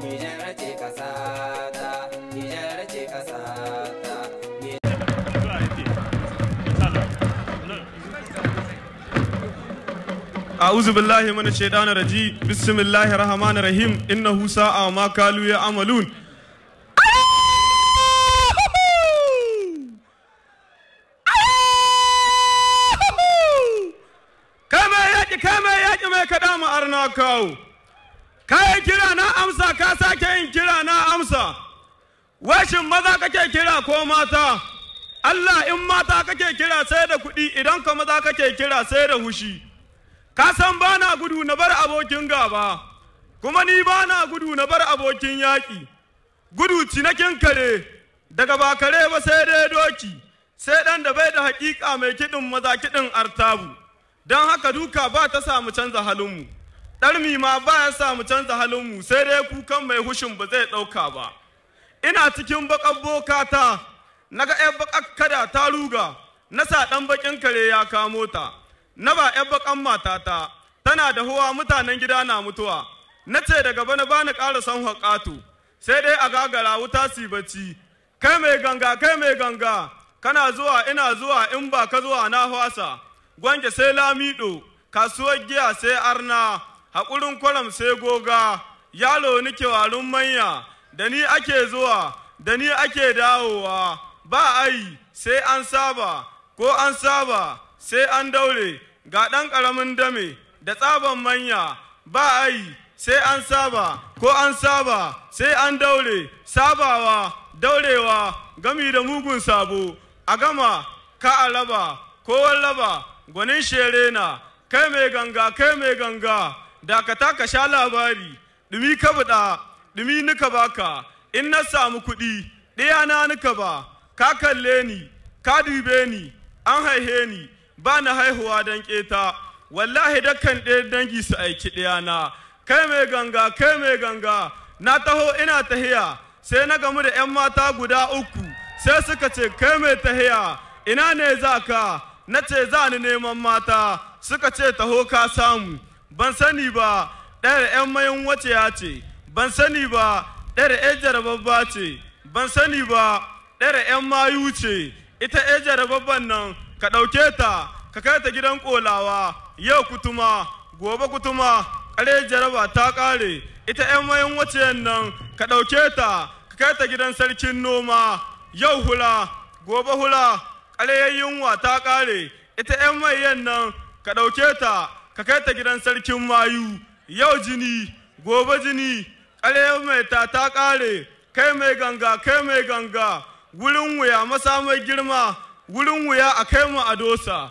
Nijar ce ƙasa ta, Nijar ce ƙasa ta. أعوذ بالله من الشيطان الرجيم بسم الله الرحمن الرحيم إنه ساء ما قالوا يعملون kama yaƙi kama yaƙi mai kaɗa mu arna kawo ka kira na amsa ka sake yin kira na amsa washin maza kake kira ko mata Allah in mata kake kira sai da kuɗi idan ka maza kake kira sai da hushi ka san ba na gudu na bar abokin gaba kuma ni ba na gudu na bar abokin yaƙi gudu cinakin kare daga ba kare ba sai dai doki sai ɗan da bai da haƙiƙa mai kiɗin maza kiɗin artabu don haka duka ba ta samu canza halinmu. mu ɗarmi ma ba ya sa mu canza halinmu sai dai kukan mai hushin ba zai ɗauka ba ina cikin baƙar bokata na ga ‘yan baƙar kada ta ruga na sa ɗan baƙin kare ya kamo ta na ba ‘yan baƙan matata tana da huwa mutanen gida na mutuwa na ce daga bana ba ni ƙara son haƙatu sai dai a gagara wuta su bacci kai mai ganga kai mai ganga kana zuwa ina zuwa in ba ka zuwa na hwasa gwange sai lamido kasuwar giya sai arna haƙurin kwaram sai goga yalo ni kewarin manya da ni ake zuwa da ni ake dawowa ba ai sai an saba ko an saba sai an daure ga ɗan ƙaramin dame da tsaban manya ba ai sai an saba ko an saba sai an daure sabawa daurewa gami da mugun sabo a gama ka a raba ko wallaba gwanin shere na kai mai ganga kai mai ganga dakata ka sha labari ɗumi ka buɗa ɗumi nika baka in na samu kuɗi ɗaya na nika ba ka kalle ni ka dube ni an haihe ni ba na haihuwa don keta wallahi dakan ɗaya dangi su aiki ɗaya na kai mai ganga kai mai ganga na taho ina tahiya sai na gamu da 'yan mata guda uku sai suka ce kai mai tahiya ina ne za ka na ce za neman mata suka ce taho ka samu ban sani ba ɗayar 'yan mayan wace ya ce ban sani ba ɗayar 'yan jarababba ce ban sani ba ɗayar 'yan mayu ce ita 'yan jarababban nan ka ɗauke ta ka kai ta gidan kolawa. yau kutuma gobe kutuma ƙare jaraba ta ƙare ita 'yan mayan wace nan ka ɗauke ta ka kai ta gidan sarkin noma yau hula gobe hula ƙare yunwa ta ƙare ita 'yan mayan nan ka ɗauke ta ka kai ta gidan sarkin mayu yau jini gobe jini ƙale mai ta ta ƙare kai mai ganga kai mai ganga wurin wuya masa mai girma wurin wuya a kai mu a dosa